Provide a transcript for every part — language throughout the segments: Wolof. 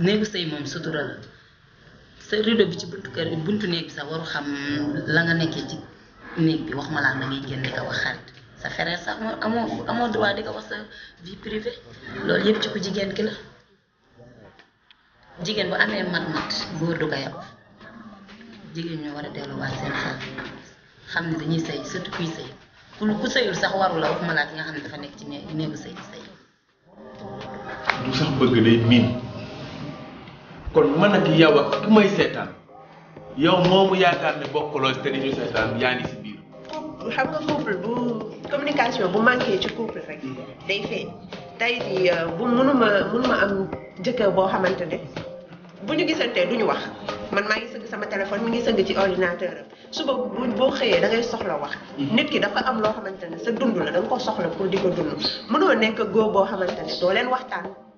néegu sëy moom sutura la sa rido bi ci buntu kër buntu néeg bi sax waru xam la nga nekkee ci wax ma laa na ngay génn ko wax xarit ko wax sa vie loolu yëpp ci jigéen ki la jigéen bu amee mat-mat góor war a delluwaat xam ne dañuy sëy surtout kuy sax waru la ki nga xam ne dafa nekk ci néegu sëy di sëy du sax bëgg day miin kon mën ak yow ak ki may seetaan yow moomu yaakaar ne bokkuloo te ni ñu seetaan yaa ngi si biir. xam nga couple bu communication bu manqué ci couple rek mm. day fee tey jii euh, bu mënuma mënuma am jëkkër boo xamante ne bu ñu gisantee duñu wax man maa ngi sëgg sama téléphone mi ngi sëgg ci ordinateur am suba bu boo xëyee da soxla wax. Mm. nit ki dafa am loo xamante ne sa dund la da nga ko soxla pour di ko dund mënoo nekk góor boo xamante ne doo leen waxtaan.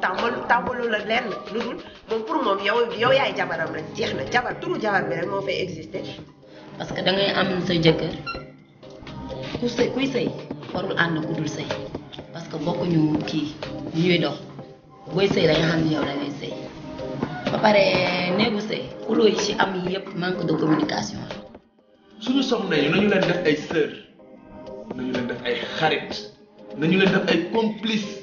tàmbalu tàmbalu la lenn lu dul moom pour moom yow yow yaay jabaram rek jeex na jabar turu jabar bi rek moo fa exister. parce que da ngay am sa jëkkër ku sëy kuy sëy warul ànd ku dul sëy parce que ñu kii ñuy dox booy sëy da nga xam ci am yi yëpp manque de communication la. suñu soxna yi nañu leen def ay sœur nañu leen def ay xarit nañu leen def ay complice.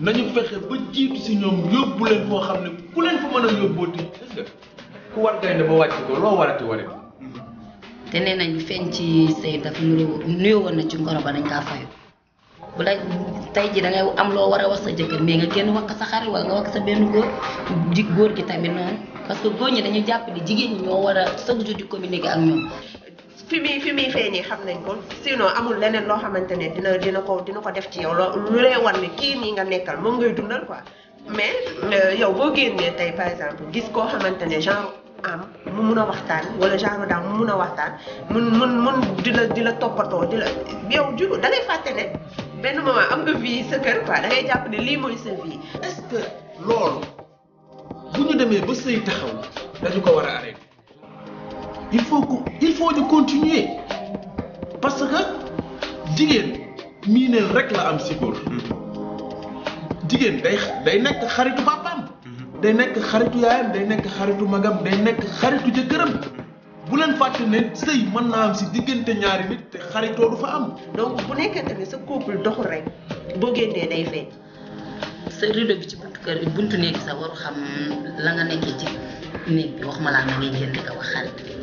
nañu fexe ba jiitu si ñoom yóbbu leen foo xam ne ku leen fa mën a yóbbooti ku war gaynde ba wàcc ko loo warati wari te nee nañ feeñ ci sëy daf nuyoo woon na ci ngoro ba dañ kaa fayu tey ji da am loo war a wax sa jëkkër mais nga génn wax ka sa xarit wala nga wax sa benn góor ji góor gi tamit noonu parce que góor ñi dañu jàpp ni jigéen ñi ñoo war a chaque jour di communiquer ak ñoom fi muy fi muy nii xam nañ ko sinon amul leneen loo xamante ne dina dina ko dina ko def ci yow loo lu lay war ne kii nii nga nekkal moom ngay dundal quoi mais euh, yow boo génnee tey par exemple gis koo xamante ne genre am mu mun a waxtaan wala genre daam mu mun a waxtaan mun mun mun di la di la toppatoo di la yow du da ngay fàtte ne benn moment am nga vie sa kër quoi da jàpp ne lii mooy sa vie. est-ce que loolu bu ñu demee ba sëy taxaw dañu ko war a arrêté. il faut il faut de continuer parce que digène miineel rek la am si digène day day nek xaritou tu day nek xaritou yayam day nek xaritou magam day xaritou je bu len ne sey man am si ñaari nit te xaritou du fa am. donc bu couple doxu rek bo day ce bi ci buntu sa waru xam la nga ci